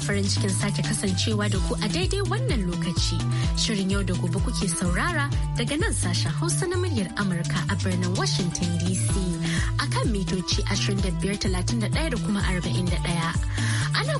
farin cikin sake kasancewa da ku a daidai wannan lokaci. Shirin yau da gobe kuke saurara daga nan sashen Hausa na muryar Amurka a birnin Washington DC. A kan mitoci 25,31 da kuma 41.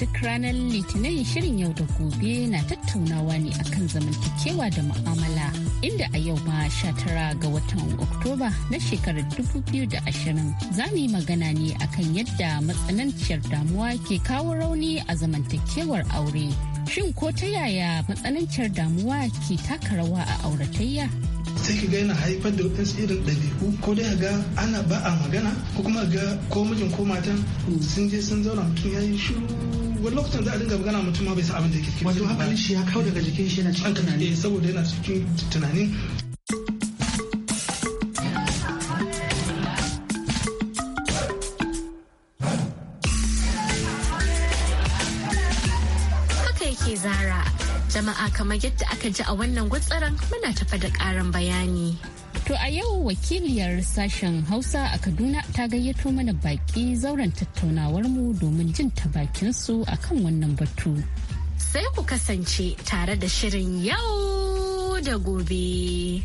duk ranar litinin shirin yau da gobe na tattaunawa ne akan zamantakewa da mu'amala inda a yau ma tara ga watan oktoba na shekarar 2020 za mu yi magana ne akan yadda matsananciyar damuwa ke kawo rauni a zamantakewar aure shin ko ta yaya matsananciyar damuwa ke taka rawa a auratayya sai ki ga yana haifar da wadansu irin ɗabi'u ko dai ga ana ba a magana ko kuma ga ko mijin ko matan sun je sun zauna mutum ya yi shiru wani lokacin za a dinga magana mutum ma bai sa abin da yake cikin wato hankalin shi ya kawo daga jikin shi yana cikin tunani eh, saboda yana cikin tunani jama'a kamar yadda aka ji a wannan gwatsaran muna tafa da ƙarin bayani. To a yau wakiliyar sashen Hausa a Kaduna ta gayyato mana baki zauren tattaunawarmu domin jin ta bakinsu a kan wannan batu. Sai ku kasance tare da shirin yau da gobe.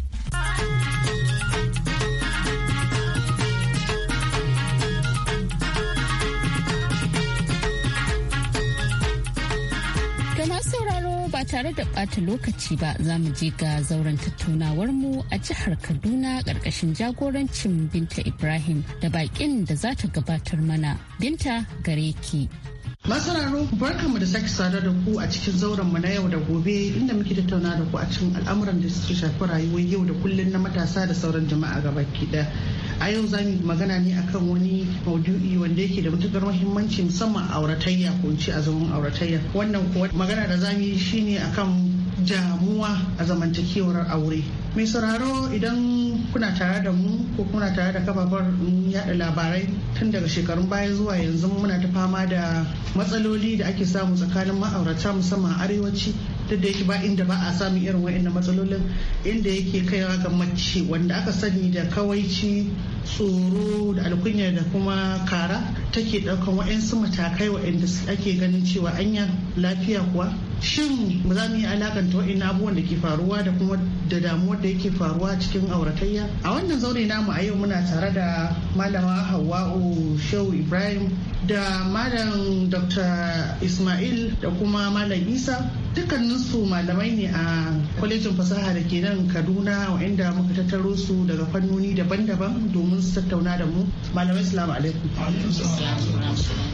tare da ɓata lokaci ba za mu je ga zauren tattaunawarmu a jihar Kaduna ƙarƙashin jagorancin Binta Ibrahim da baƙin da za ta gabatar mana. Binta gare ki. Masararo mu da sake sadar da ku a cikin zauren mu na yau da gobe inda muke tattauna da ku a cikin al'amuran da suke shafi rayuwar yau da kullun na matasa da sauran jama'a gaba ɗaya. A yau za mu magana ne akan wani maudu'i wanda yake da matukar muhimmanci musamman auratayya ko ce a zaman auratayya. Wannan kuwa magana da za mu yi shine akan damuwa a zamantakewar aure. Mai sauraro idan kuna tare da mu ko kuna tare da kafafen yada labarai tun daga shekarun baya zuwa yanzu muna ta fama da matsaloli da ake samu tsakanin ma'aurata musamman arewaci duk da yake ba inda ba a samun irin wa'annan matsalolin inda yake kaiwa ga mace wanda aka sani da kawaici tsoro da alkunya da kuma kara take daukan wa'ansu matakai wa'anda ake ganin cewa anya lafiya kuwa shin ba za mu yi alakanta wa'in abubuwan da ke faruwa da kuma da damuwar da yake faruwa cikin auratayya a wannan zaune namu a yau muna tare da malama hawa'u shehu ibrahim da malam dr ismail da kuma malam isa dukkaninsu malamai ne a kwalejin fasaha da ke nan kaduna wa'inda muka tattaro su daga fannoni daban-daban domin su tattauna da mu malamai salamu alaikum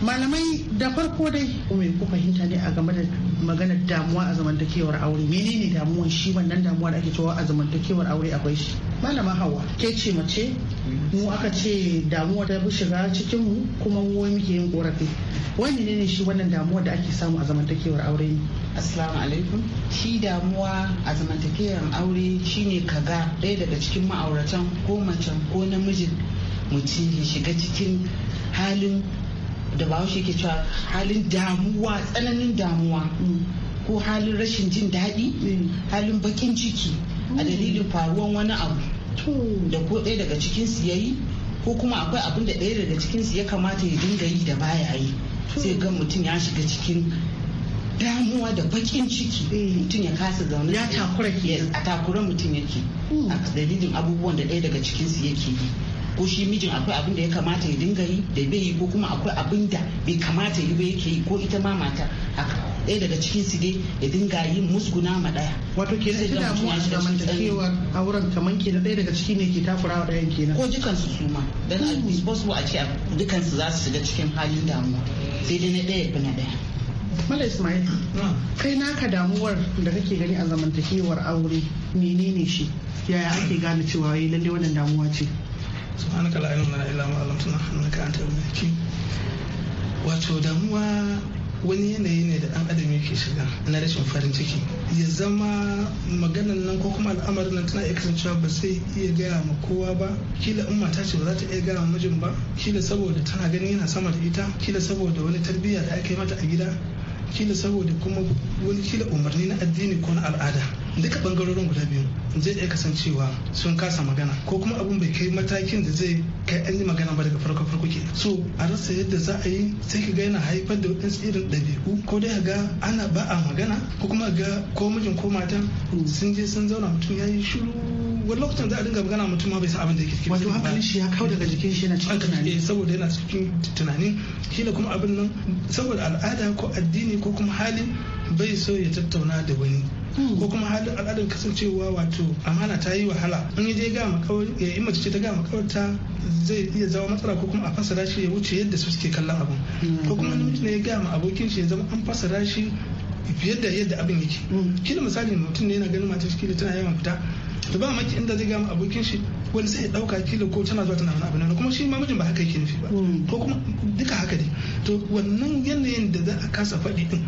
malamai da farko dai kuma ku fahimta ne a game da maganar damuwa a zamantakewar aure menene damuwan shi wannan damuwar da ake cewa a zamantakewar aure akwai shi malama hawa ke ce mace mu aka ce damuwa ta shiga cikin mu kuma mu muke yin korafi wani ne shi wannan damuwa da ake samu a zamantakewar aure assalamu alaikum shi damuwa a zamantakewar aure shine kaga ɗaya daga cikin ma'auratan ko mace ko namijin mutum ya shiga cikin halin da bahaushe ke cewa halin damuwa tsananin damuwa ko halin rashin jin daɗi mm. halin bakin ciki a dalilin faruwan wani abu da ko ɗaya daga cikin su yayi ko kuma akwai abin da ɗaya daga cikin ya kamata ya dinga yi da baya yi sai ga mutum ya shiga cikin damuwa da bakin ciki eh. mutum ya kasa zaune ya takura ke a takura mutum yake hmm. a dalilin abubuwan da ɗaya daga cikin su yake yi ko shi mijin akwai abin da ya kamata ya dinga yi da bai yi ko kuma akwai abin da bai kamata yi ba yake yi ko ita ma mata haka ɗaya daga cikin su dai ya dinga yin musguna ma ɗaya wato ke da damuwa a zamantakewar auren kaman ke da ɗaya daga ciki ne ke takurawa ɗayan kenan ko jikan su ma dan albis basu a ce dukansu za su shiga cikin halin damuwa sai dai na ɗaya fi na ɗaya Mala Ismail, hmm. kai naka damuwar da kake gani a zamantakewar aure menene shi? Yaya ake gane cewa yi eh, lalle wannan damuwa ce? Subhanaka la ilma la ilaha illa anta astaghfiruka wa atubu Wato damuwa wani yanayi ne da dan adam yake shiga na rashin farin ciki ya zama maganan nan ko kuma al'amarin nan tana iya kasancewa ba sai iya gaya ma kowa ba kila in mata ce ba za ta iya gaya ma mijin ba kila saboda tana ganin yana sama da ita kila saboda wani tarbiyya da aka yi mata a gida kila saboda kuma wani kila umarni na addini ko na al'ada duka bangarorin guda biyar zai iya kasancewa sun kasa magana ko kuma abin bai kai matakin da zai kai an yi magana ba daga farko farko ke so a rasa yadda za a yi sai ka ga yana haifar da wadansu irin ɗabi'u ko dai ga ana ba a magana ko kuma ga ko mijin ko mata sun je sun zauna mutum ya yi shiru wani lokacin za a dinga magana mutum ma bai san abin da yake cikin wato hankalin shi ya kawo daga jikin shi yana cikin tunani eh, saboda yana cikin tunani kila kuma abin nan saboda al'ada ko addini ko kuma hali bai so ya tattauna da wani ko kuma halin al'adar kasancewa wato amana ta yi wahala in je ga makawar in mace ce ta ga makawarta zai iya zama matsala ko kuma a fasara shi ya wuce yadda su suke kallon abin mm. ko kuma namiji ne ya ga ma abokin shi ya zama an fasara shi fiye da yadda abin yake kila mm. misali mutum ne yana ganin mace shi kila tana yawan fita to ba maki inda zai gama abokin shi wani sai ya dauka kila ko tana zuwa tana wani abu kuma shi ma mijin ba haka yake nufi ba mm. ko kuma duka haka ne to wannan yanayin da za a kasa faɗi din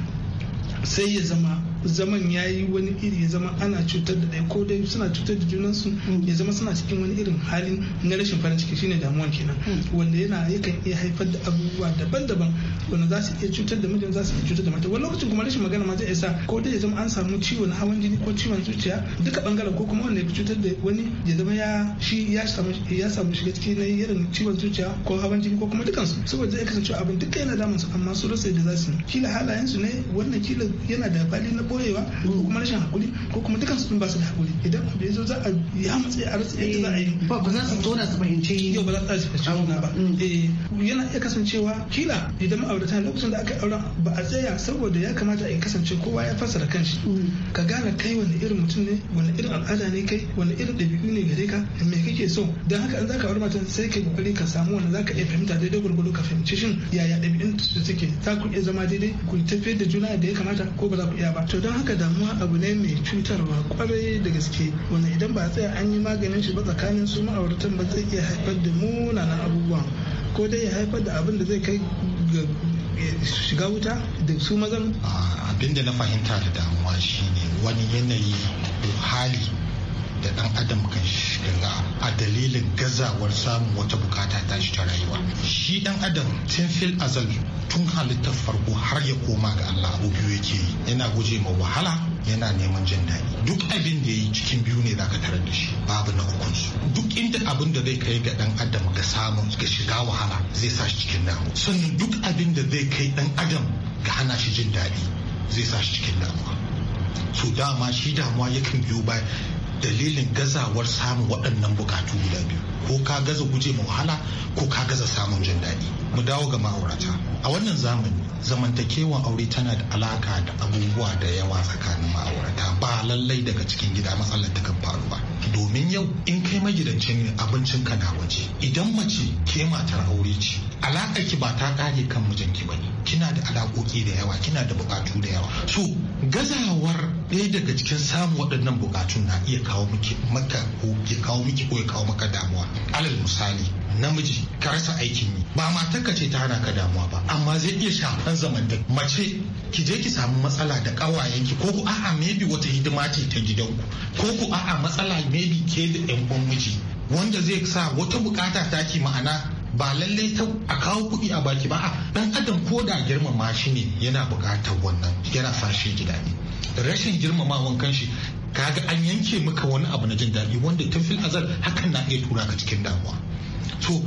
sai ya zama zaman ya yi wani iri ya zama ana cutar da ɗaya ko dai suna cutar da junansu mm. ya zama suna cikin wani irin halin na rashin farin ciki shine damuwan kenan mm. wanda yana yakan iya haifar da abubuwa daban-daban wanda za su iya cutar da mijin za su iya cutar da mata wani lokacin kuma rashin magana ma zai isa ko dai ya zama an samu ciwon hawan jini ko ciwon zuciya duka bangaren ko kuma wanda ya cutar da wani ya zama ya shi ya samu ya samu shiga ciki na irin ciwon zuciya ko hawan jini ko kuma dukansu saboda zai kasance abin duka yana damun su amma su rasa yadda za su yi. kila halayensu ne wannan kila yana da fali na koyewa ko kuma rashin hakuri ko kuma dukkan su ba su da hakuri idan abu za a a matse a rasa yadda za a yi ba ba za su tona su fahimci yau ba za su fahimci na ba mm. eh, yana iya kasancewa kila idan ma'aurata lokacin da aka aura ba a tsaya saboda ya kamata in kasance kowa ya fassara kanshi mm. ka gane kai wani irin mutum ne wani irin al'ada ne kai wani irin ɗabi'u ne gare ka me kake so don haka in zaka aure matan sai ka kokari ka samu wanda zaka iya fahimta daidai gwargwado ka fahimci shin yaya ɗabi'un su suke za ku iya zama daidai ku tafiyar da juna da ya kamata ko ba za ku iya ba to don haka damuwa abu ne mai cutarwa kwarai da gaske wanda idan ba tsaya an yi maganin shi ba tsakanin su ma'auratan ba zai iya haifar da munanan abubuwan ko dai ya haifar da abin da zai kai ga shiga wuta da su mazan ah, abin na fahimta da damuwa shine wani yanayi hali da dan adam kan shiga a dalilin gazawar samun wata bukata ta shi ta rayuwa shi dan adam tun fil azal tun halittar farko har ya koma ga Allah abu biyu yake yi yana guje ma wahala yana neman jin daɗi duk abin da ya yi cikin biyu ne zaka tare da shi babu na hukunsu duk inda abin da zai kai ga dan adam ga samun ga shiga wahala zai sa shi cikin damu sannan duk abin da zai kai dan adam ga hana shi jin daɗi zai sa shi cikin damuwa su dama shi damuwa yakan biyo ba dalilin gazawar samun waɗannan bukatu guda biyu ko ka gaza guje ma wahala ko ka gaza samun jin daɗi mu dawo ga ma'aurata a wannan zamani zamantakewan aure tana da alaka da abubuwa da yawa tsakanin ma'aurata ba lallai daga cikin gida matsalar ta kan faru ba domin yau in kai magidancin ne abincin ka na waje idan mace ke matar aure ce alaƙar ki ba ta ƙare kan mijinki ba ne kina da alaƙoƙi da yawa kina da buƙatu da yawa so gazawar ɗaya daga cikin samun waɗannan buƙatun na iya kawo miki maka ko ya kawo miki ko ya kawo maka damuwa alal misali namiji ka rasa aikin yi ba matarka ce ta hana ka damuwa ba amma zai iya shafan zamanta mace ki je ki samu matsala da kawayenki ko ku a'a maybe wata hidima ce ta gidanku ko ku a'a matsala maybe ke da yan miji wanda zai sa wata bukata taki ma'ana ba lallai ta a kawo kuɗi a baki ba dan adam ko da girmama shi ne yana bukatar wannan yana sashe shi ne. rashin girmamawan kanshi kaga an yanke maka wani abu na jin daɗi wanda tafil azal hakan na iya tura ka cikin damuwa so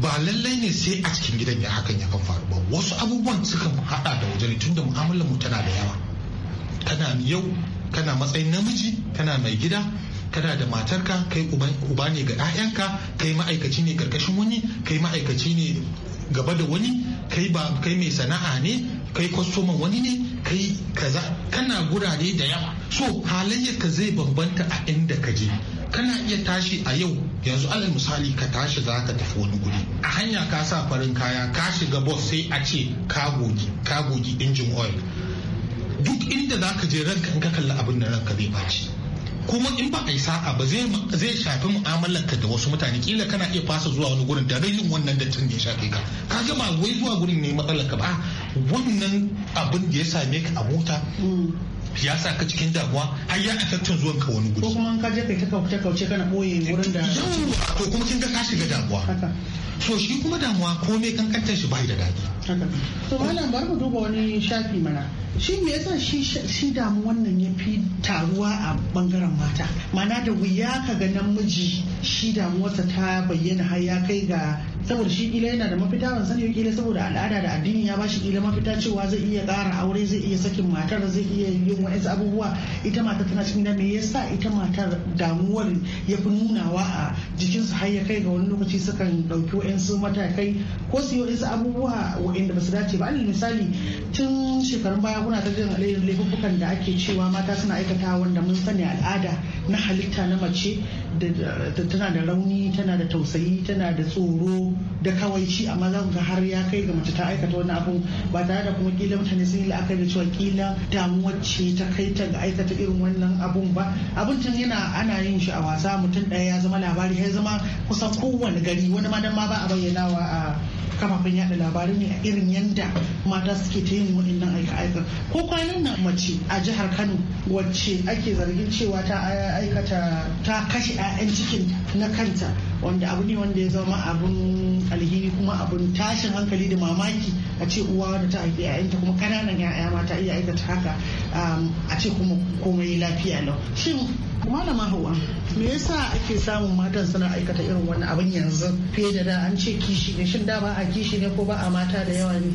ba lallai ne sai a cikin gidan ya hakan ya kan faru ba wasu abubuwan sukan hada da waje tunda mu'amalar mu tana da yawa kana yau kana matsayin namiji kana mai gida kana da matarka kai uba ne ga 'ya'yanka kai ma'aikaci ne karkashin wani kai ma'aikaci ne gaba da wani kai ba kai mai sana'a ne kai kwastoman wani ne kai kaza kana gurare da yawa so halayyarka zai bambanta a inda ka je kana iya tashi a yau yanzu alal misali ka tashi za ka tafi wani guri a hanya ka sa farin kaya ka shiga bus sai a ce ka gogi ka gogi injin oil duk inda za ka je ranka in ka kalli abin da ranka zai baci kuma in ba a yi sa'a ba zai shafi mu'amalarka da wasu mutane kila kana iya fasa zuwa wani gurin da yin wannan da da ya shafe ka ka gama wai zuwa gurin ne matsalar ka ba wannan abin da ya same ka a mota mm. ya sa ka cikin damuwa har ya affectin zuwan ka wani guri ko kuma an ka je kai ta kauce kauce kana boye wurin da yawa to kuma kin ga ka shiga damuwa so shi kuma damuwa komai kankantar shi bai da dadi. to malam bar mu duba wani shafi mana shi me yasa shi damu wannan ya fi taruwa a bangaren mata mana da wuya ka ga namiji shi damuwarsa ta bayyana har ya kai ga saboda shi kila yana da mafita ban sani kila saboda al'ada da addini ya bashi kila mafita cewa zai iya ƙara aure zai iya sakin matar zai iya yin wa'ansu abubuwa ita matar tana cikin da me yasa ita matar damuwar ya fi nunawa a jikinsu har ya kai ga wani lokaci sukan ɗauki wa'ansu matakai ko su yi wa'ansu abubuwa wa'anda ba su dace ba alal misali tun shekarun baya kuna ta jin alayyar laifukan da ake cewa mata suna aikata wanda mun sani al'ada na halitta na mace tana da rauni tana da tausayi tana da tsoro da kawaici amma za ga har ya kai ga mace ta aikata wani abu ba tare da kuma kila mutane sun yi la'akari cewa kila damuwar ce ta kai ta ga aikata irin wannan abun ba abun tun yana ana yin shi a wasa mutum ɗaya ya zama labari ya zama kusan kowane gari wani ma dan ma ba a bayyana wa a kafafen yada labarai ne a irin yanda mata suke ta yin waɗannan aika-aikan ko kwanan nan mace a jihar kano wacce ake zargin cewa ta aikata ta kashe 'ya'yan cikin na kanta wanda abu ne wanda ya zama abun alhini kuma abin tashin hankali da mamaki a ce uwa da ta haifi yayanta kuma kananan yaya mata iya aikata haka um, a ce kuma komai lafiya lau shin malama hawa me yasa ake samun matan suna aikata irin wani abin yanzu fiye da da an ce kishi ne shin da ba a kishi ne ko ba a mata da yawa ne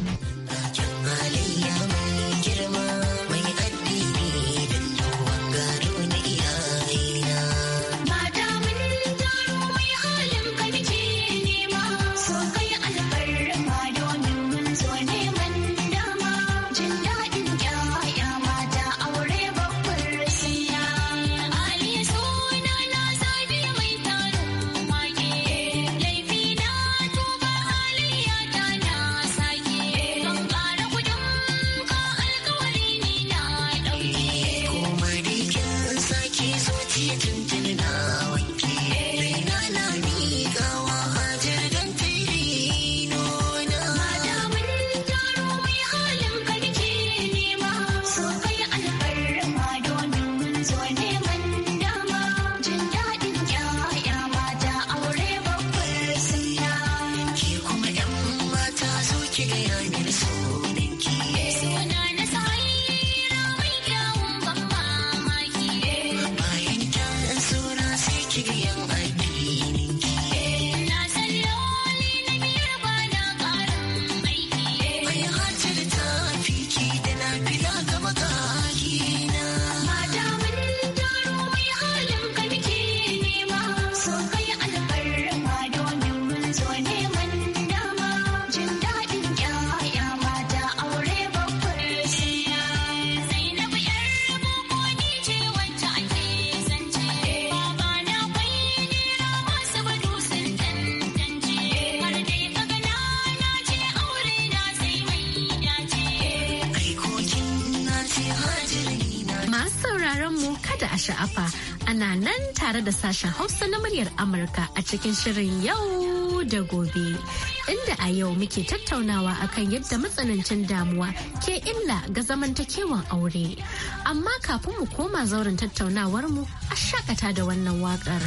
sauraron mu kada a sha'afa ana nan tare da sashen Hausa na muryar Amurka a cikin shirin yau da gobe. Inda a yau muke tattaunawa akan yadda matsanancin damuwa ke illa ga zamantakewan aure. Amma kafin mu koma zauren tattaunawar mu a shakata da wannan waƙar.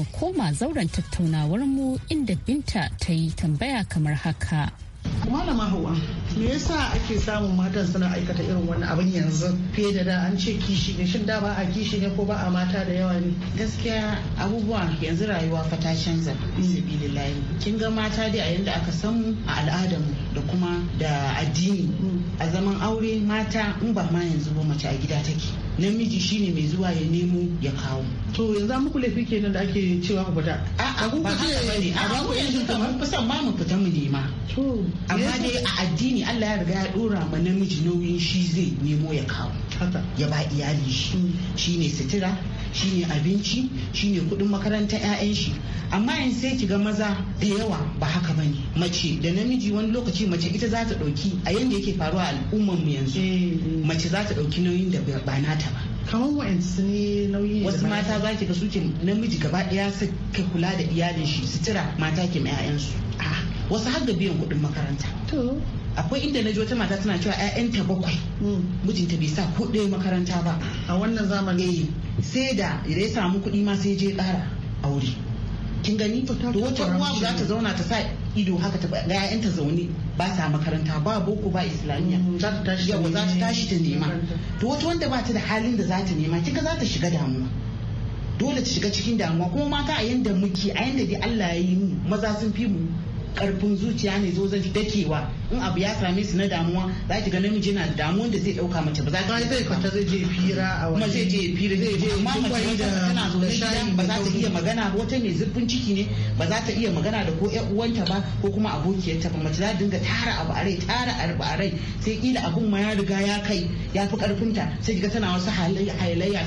mu koma zauren tattaunawar mu inda binta ta yi tambaya kamar haka. malama hauwa me yasa ake samun matan suna aikata irin wani abin yanzu fiye da da an ce kishi ne shin da ba a kishi ne ko ba a mata da yawa ne gaskiya abubuwa yanzu rayuwa fa ta canza bisabilillahi kin ga mata dai a yanda aka san mu a al'adar mu da kuma da addini a zaman aure mata in ba ma yanzu ba mace a gida take namiji shine mai zuwa ya nemo ya kawo to yanzu an muku laifi kenan da ake cewa ku fita a ba haka bane a ba ku yanzu kamar kusan ba mu fita mu nema to amma dai a addini Allah ya riga ya dora ma namiji nauyin shi zai nemo ya kawo ya ba iyali shi mm. shine sitira shine abinci shine kudin makaranta 'ya'yan shi amma in sai ki ga maza da yawa ba haka bane mace da namiji wani lokaci mace ita za ta dauki a yanda yake faruwa al'ummar mu yanzu eh, eh. mace za ta dauki nauyin da ba nata ba kamar su ne nauyi wasu mata ba ki ga suke namiji gaba ɗaya su ka kula da iyalin shi tira mata ke mai 'ya'yansu wasu har da biyan kuɗin makaranta akwai inda na ji wata mata tana cewa 'ya'yanta bakwai mm. mijinta bai sa ko ɗaya makaranta ba a wannan zamani eh, sai da ya samu kuɗi ma sai je ƙara aure kin gani to wata uwa za ta zauna ta sa ido haka ta ga ta zaune ba ta makaranta ba boko ba islamiyya mm, za ta tashi ta nema to wata wanda ba ta da halin da za ta nema kika za ta shiga damuwa dole ta shiga cikin damuwa kuma mata a yanda muke a yanda dai Allah ya yi mu maza sun fi mu karfin zuciya ne zo zan dakewa in abu ya same su na damuwa za ki ga namiji na damuwa da zai dauka mace ba za ka zai kwata zai je fira a wani zai je fira zai je amma mace tana zo da ba za ta iya magana ba wata mai zurfin ciki ne ba za ta iya magana da ko ƴan uwanta ba ko kuma abokiyarta ba mace za dinga tara abu a rai tara abu a rai sai kila abun ma ya riga ya kai ya fi karfinta sai ga tana wasu halayya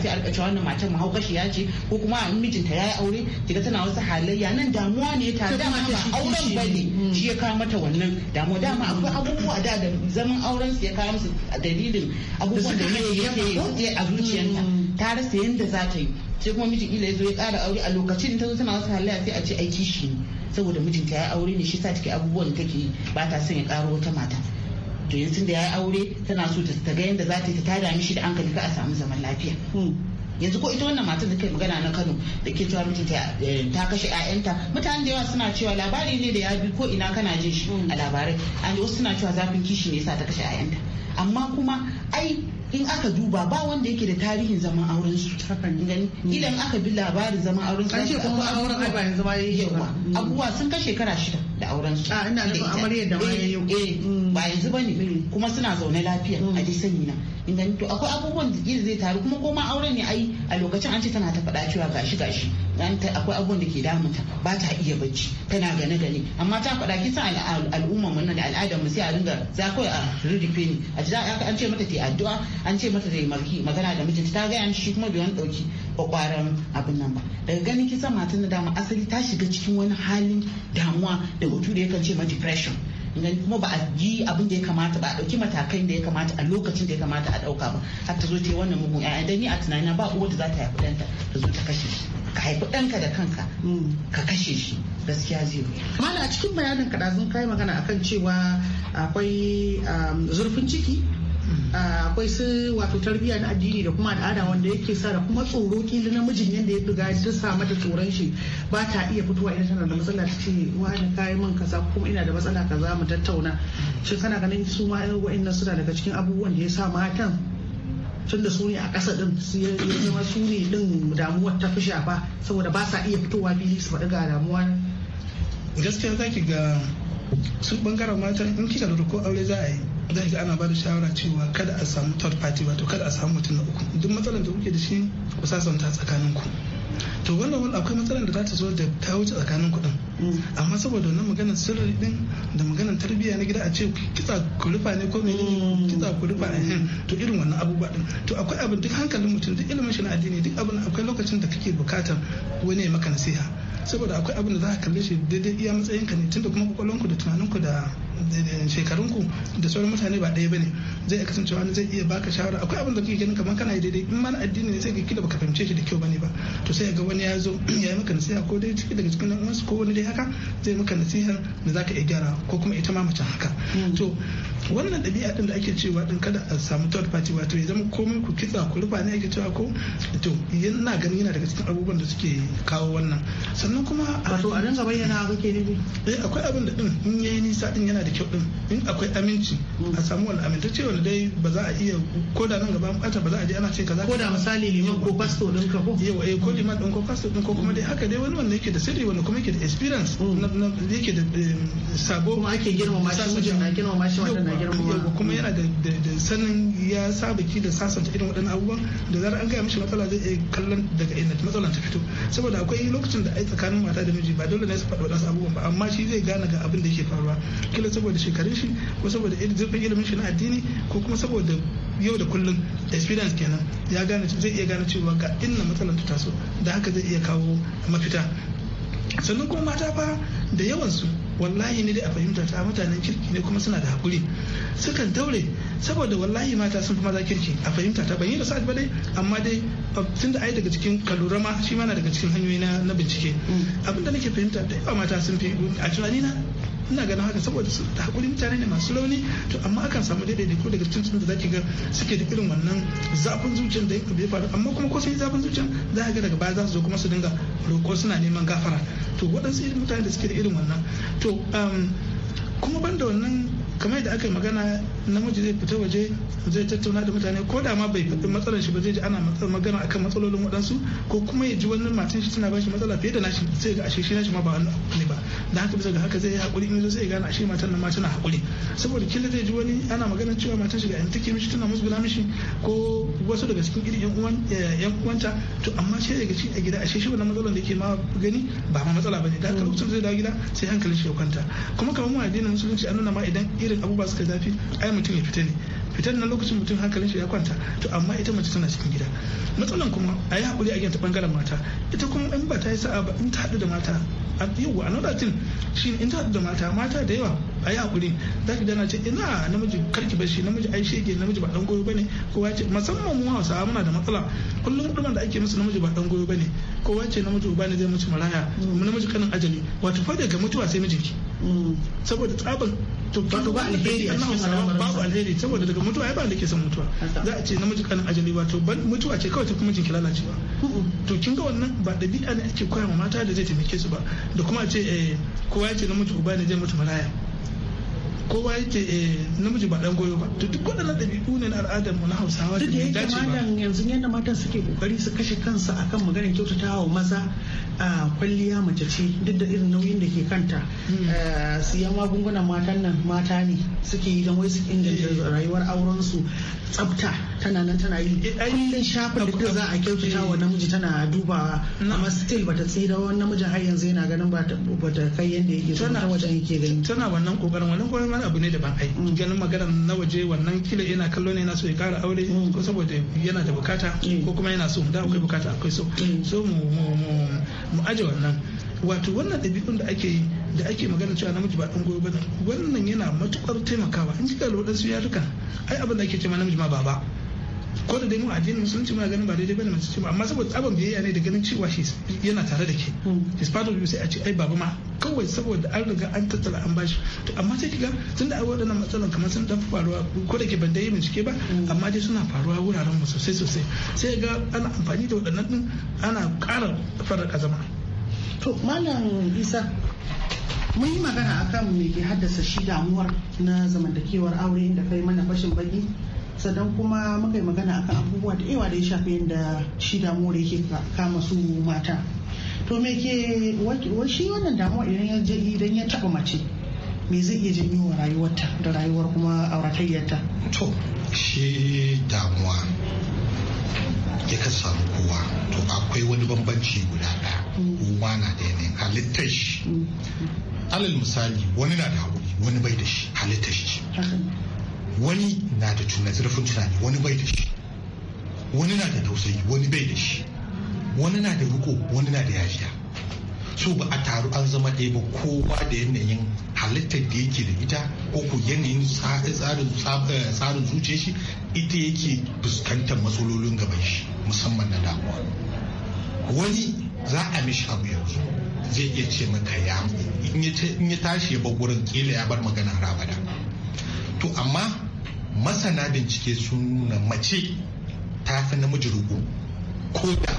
sai a rika cewa wannan matar ya ce ko kuma mijinta ya yi aure ga tana wasu halayya nan damuwa ne ta da ba auren ba dalili hmm. shi ya kawo mata wannan damuwa dama akwai abubuwa da da zaman auren su ya kawo musu dalilin abubuwan da yake a zuciyarta hmm. ta rasa yadda za ta yi sai kuma mijin ila ya zo ya kara aure a lokacin ta zo tana wasu halayya sai a ce aiki shi ne saboda mijinta ya aure ne shi sa take abubuwan da take ba ta son ya kara wata mata to yanzu da ya aure tana so ta ga yadda za ta yi ta tada mishi da hankali ka a samu zaman lafiya hmm. yanzu ko ita wannan matar da kai magana na Kano da ke cewa mutum eh, ta kashe 'ya'yanta mutane da yawa suna cewa labari ne da ya bi ko ina kana jin shi a labarai an wasu suna cewa zafin kishi ne yasa ta kashe 'ya'yanta amma kuma ai in aka duba ba wanda yake da tarihin zaman auren su gani mm. idan aka bi labarin zaman auren su an ce auren ba mm. abubuwa sun kashe shekara shida auren su ah, ina da amaryar da wani yau eh, eh, ba yanzu bane mm. kuma suna zaune lafiya mm. a ji na idan to akwai abubuwan da zai taru kuma koma auren ne ai a lokacin an ce tana ta faɗa cewa gashi gashi dan akwai abubuwan da ke damunta ba ta iya bacci tana gane gane amma ta faɗa kisa al'umma mun da al'adar mu sai a ringa za kawai a rudufe ni a ji an ce mata ta yi addu'a an ce mata ta yi magana da mijinta ta gaya shi kuma bai wani ɗauki kwakwaran abin nan ba daga ganin kisa matan na dama asali ta shiga cikin wani halin damuwa da hutu da yakan ce ma depression kuma ba a yi abin da ya kamata ba a ɗauki matakai da ya kamata a lokacin da ya kamata a ɗauka ba har ta zo ta yi wannan mugun ya'ya da ni a tunanina ba uwa da za ta haifi ɗanta ta zo ta kashe shi ka haifi ɗanka da kanka mm. ka kashe shi gaskiya zai Mala a cikin bayanin sun kai magana akan cewa akwai um, zurfin ciki Ah, akwai su wato tarbiyya na addini da kuma al'ada wanda yake sa da kuma tsoro kila namijin yadda ya riga sa mata tsoron shi ba ta iya fitowa idan tana da matsala ta ce wani kayan man kaza kuma ina da matsala kaza mu tattauna shi kana ganin su ma wa'annan suna daga cikin abubuwan da ya sa matan tun da su ne a ƙasa din su ya zama su ne din damuwar ta fi shafa saboda ba sa iya fitowa fili su faɗi ga damuwa gaskiya zaki ga su bangaren matan in kika da ko aure za a yi zai ga ana bada shawara cewa kada a samu third party wato kada a samu mutum na uku duk matsalar da kuke da shi ku sasanta tsakanin ku to wannan wani akwai matsalar da za ta zo da ta wuce tsakanin din. Mm. amma saboda wannan maganar sirri din da maganar tarbiyya na gida a ce kitsa ku rufa ne ko mene mm. kitsa ku rufa ne eh, to irin wannan abubuwa din to akwai abin duk hankalin mutum duk ilimin shi na addini duk abin akwai lokacin da kake bukatar wani ya maka nasiha saboda akwai abin da za ka kalle shi daidai iya matsayinka ne tunda kuma kwakwalwanku da tunaninku da shekarunku da sauran mutane ba ɗaya bane zai iya kasancewa wani zai iya baka shawara akwai abin da kake ganin kamar kana daidai in mana addini ne sai ka kila baka fahimce shi da kyau bane ba to sai ga wani ya zo ya yi maka nasiha ko dai ciki daga cikin nan uwansu ko wani dai haka zai maka nasiha da za ka iya gyara ko kuma ita ma macen haka hmm. to wannan ɗabi'a ɗin da ake cewa ɗin kada a samu third party wato ya zama komai ku kitsa ku rufa ne ake cewa ko to yana ganin yana daga cikin abubuwan da suke kawo wannan sannan kuma a to a dinga bayyana kake nufi eh akwai abin da din in yayi nisa din yana da kyau din in akwai aminci a samu wani amintacce wanda dai ba za a iya ko da nan gaba bata ba za a je ana ce kaza ko da misali liman ko pasto din ka ko yau eh ko liman din ko pasto din ko kuma dai haka dai wani wanda yake da sirri wanda kuma yake da experience mm. na yake da eh, sabo kuma ake ma shi mijin na ma shi wanda na ma kuma yana da sanin ya saba ki da sasanta irin waɗannan abubuwan da zarar an gaya mishi matsala zai iya kallon daga inda matsalan ta fito saboda akwai lokacin da ai tsakanin mata da miji ba dole ne su faɗi waɗansu abubuwan ba amma shi zai gane ga abin da yake faruwa kila saboda shekarun shi ko saboda zurfin ilimin shi na addini ko kuma saboda yau da kullum experience kenan ya gane zai iya gane cewa ga inna matsalar ta taso da haka zai iya kawo mafita sannan kuma mata fa da yawansu wallahi ne dai a fahimta ta mutanen kirki ne kuma suna da hakuri sukan daure saboda wallahi mata sun fi maza kirki a fahimta ta bayyana sa'ad ba dai amma dai tun da ai daga cikin kalura shi ma na daga cikin hanyoyi na bincike mm. abinda nake fahimta da yawa mata sun fi a tunanina ina ganin haka saboda su da hakuri mutane ne masu rauni to amma akan samu daidai ko daga cikin da zaki ga suke da irin wannan zafin zuciyar da ya faru amma kuma ko sai zafin zuciyar za ga daga baya za su zo kuma su dinga roƙo suna neman gafara to waɗansu irin mutane da suke da irin wannan to um, kuma ban wannan kamar yadda aka yi magana namiji zai fita waje zai tattauna da mutane ko da ma bai faɗi matsalar shi ba zai ji ana magana akan matsalolin waɗansu ko kuma ya ji wani matan shi tana bashi matsala fiye da nashi sai ga ashe shi nashi ma ba wani abu ne ba da haka bisa ga haka zai yi hakuri in zo sai gane ashe matan nan ma tana hakuri saboda kila zai ji wani ana magana cewa matan shi ga yan take mishi tana musguna mishi ko wasu daga cikin irin yan eh, uwanta to amma sai daga cikin a gida ashe shi wannan matsalar da ke ma gani ba ma matsala bane da haka lokacin zai dawo gida sai hankalin shi ya kwanta kuma kamar mu addinin musulunci an nuna ma idan irin irin abubuwa suka zafi ai mutum ya fita ne fitar na lokacin mutum hankalin shi ya kwanta to amma ita mace tana cikin gida matsalan kuma a yi haƙuri a gyanta bangaren mata ita kuma in ba ta yi sa'a ba in ta haɗu da mata a yau a nan tin shi in ta haɗu da mata mata da yawa a yi haƙuri za ki dana ce ina namiji karki bashi namiji ai shege namiji ba dan goyo bane kowa ce musamman mu hausa muna da matsala kullum huduman da ake musu namiji ba dan goyo bane kowa ce namiji ba ne zai mutu maraya mm. namiji kanin ajali wato fa daga mutuwa sai mijinki saboda tsabar to babu alheri a cikin al'amarin babu alheri saboda daga mutuwa ai ba da ke son mutuwa za a ce namiji kanin ajali ba to mutuwa ce kawai ta kuma jinki lalacewa to kin ga wannan ba dabi'a ne ake koya ma mata da zai taimake su ba da kuma a ce eh, kowa ya ce namiji uba ne zai mutu maraya kowa yake eh, namiji ba dan goyo ba to duk wannan ɗabi'u ne na al'adar mu na Hausawa da ya dace ba yanzu yadda matan suke kokari su kashe kansu akan maganar kyautatawa maza a kwalliya mace ce duk da irin nauyin da ke kanta hmm. eh, siyan magungunan matan nan mata ne suke yi don wai su inganta eh. rayuwar aurensu tsafta tana nan tana yi kullum shafin da za a kyautata wa namiji tana dubawa amma still bata tsira wannan namijin har yanzu yana ganin ba ta kai yadda yake tana wajen yake gani tana wannan kokarin wannan kokarin wani abu ne daban ai mm. ganin magana na waje wannan kila yana kallo ne yana so ya kara aure mm. ko saboda yana da bukata mm. ko kuma yana so da akwai bukata akwai so so mu mu aje wannan wato wannan ɗabi'un da ake da ake magana cewa namiji ba ɗan goyo ba wannan yana matukar taimakawa in kika lura su yaruka ai abin da ake cewa namiji ma ba ba. ko da dai mu addinin musulunci muna ganin ba daidai bane mace ce ba amma saboda tsaban biyayya ne da ganin cewa shi yana tare da ke his hmm. part of you sai a ce ai baba ma kawai saboda an riga an tattala an bashi to amma sai kiga tun da waɗannan matsalan kamar sun dan faruwa ko da ke ban dai bincike ba hmm. amma dai suna faruwa wuraren mu sosai sosai sai ga ana amfani da waɗannan din ana ƙara farka zama to malam isa mun yi magana a akan me ke haddasa shi damuwar na zamantakewar aure inda kai mana fashin baki sannan kuma muka yi magana akan abubuwa da yawa da ya shafi yadda shi da yake kama su mata to me ke shi wannan damuwa idan ya idan ya taba mace me zai iya janyo wa rayuwarta da rayuwar kuma auratayyarta to shi damuwa ya ka samu kowa to akwai wani bambanci guda ɗaya kowa na da yanayin halittar shi mm. alal misali wani na da wani bai da shi halittar shi wani na da tunani zurfin tunani wani bai da shi wani na da tausayi wani bai da shi wani na da riko wani na da yajiya so ba a taru an zama ɗaya ba kowa da yanayin halittar da yake da ita ko ko yanayin tsarin eh, zuciya shi ita yake fuskantar matsalolin gaban shi musamman na damuwa wani za a mishi abu yanzu zai iya ce maka ya in ya tashi ya bar kila ya bar magana rabada to amma masana bincike sun nuna mace ta fi namiji rugu ko da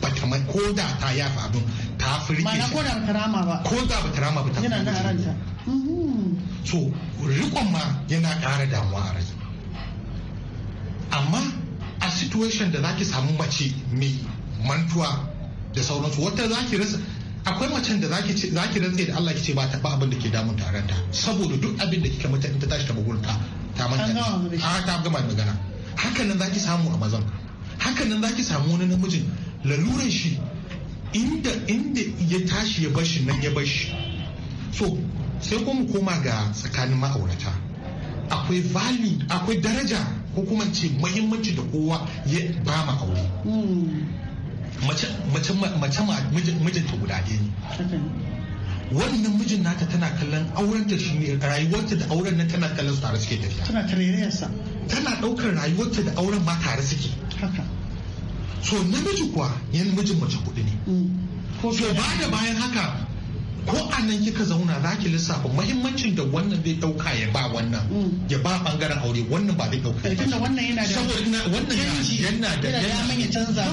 bata mai ko da ta yafa abin ta fi rike shi ko da bata rama ba ko da bata rama ba ta fi namiji ranta mhm. so rikon ma yana kara damuwa a rai amma a situation da zaki samu mace mai mantuwa da sauransu wata zaki rasa akwai macen da zaki ce rantse da Allah kice ba ta ba abin da ke damun taranta saboda duk abin da kika mata ta tashi ta bugunta ta manta a ta gama magana hakan nan zaki samu a mazan hakan nan zaki samu wani namijin laluran shi inda inda ya tashi ya bashi nan ya bashi so sai kuma koma ga tsakanin ma'aurata akwai value akwai daraja ko kuma ce muhimmanci da kowa ya ba ma aure hmm. mace mijinta guda ɗaya ne wannan mijin naka tana kallon aurenta shi ne rayuwarta da auren nan tana kallon su tare suke tafiya tana tarayyarsa tana daukar rayuwarta da auren ma tare suke haka so namiji kuwa yan mijin mace kuɗi ne mm. ko so ba da bayan haka ko a nan kika zauna za ki lissafa muhimmancin da wannan zai dauka ya ba wannan mm. ya ba bangaren aure wannan ba zai dauka ya tunda wannan yana da saboda wannan yana da yana da canza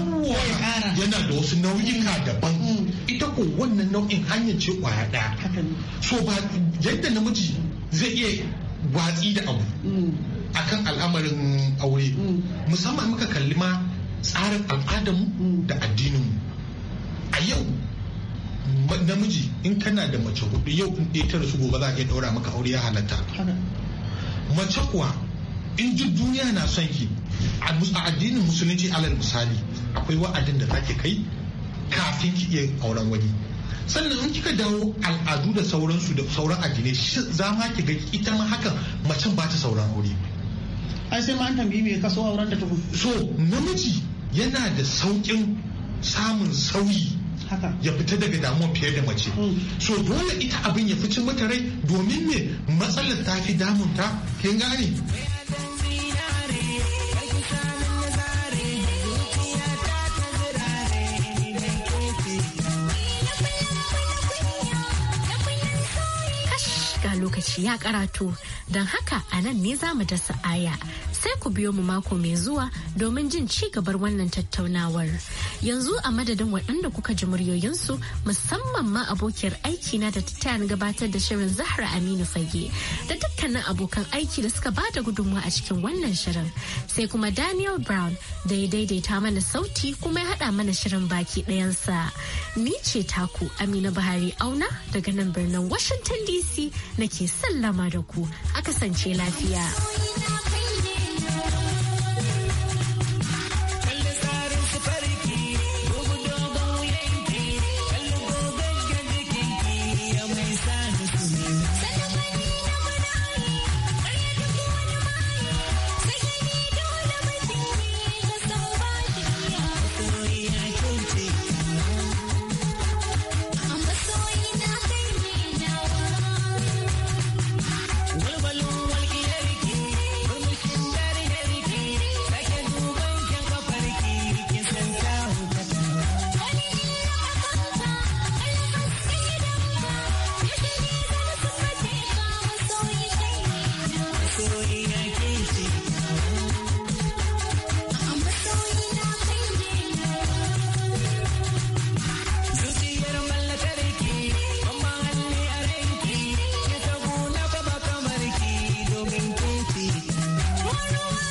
yana da wasu nau'ika mm. daban mm. ita ko wannan nau'in hanyar ce kwaya daya so ba yadda namiji zai iya watsi da abu akan al'amarin aure musamman muka kalli ma tsarin al'adarmu da addininmu a yau namiji in kana da mace hudu yau in ɗaya ta rasu gobe za a iya ɗaura maka aure ya halatta mace kuwa in duk duniya na son ki a addinin musulunci alal misali akwai wa'adin da zaki kai kafin ki iya auren wani sannan in kika dawo al'adu da sauransu da sauran addinai za ma ki ga ita ma haka mace ba ta sauran aure ai sai ma an tambayi me kaso auren da ta so namiji yana da saukin samun sauyi ya fita daga damuwa fiye da mace mm. so dole ita abin ya fice mata rai domin me matsalar ta fi damunta kin gane lokaci ya karatu don haka a nan ne za mu dasa aya sai ku biyo mu mako mai zuwa domin jin ci gabar wannan tattaunawar. Yanzu a madadin waɗanda kuka ji muryoyinsu musamman ma abokiyar aiki na da ta gabatar da shirin Zahra Aminu Fage da dukkanin abokan aiki da suka bada gudunmawa a cikin wannan shirin. Sai kuma Daniel Brown da ya daidaita mana sauti kuma ya haɗa mana shirin baki ɗayansa. Ni ce taku Amina Buhari Auna daga nan birnin Washington DC nake sallama da ku. A kasance lafiya.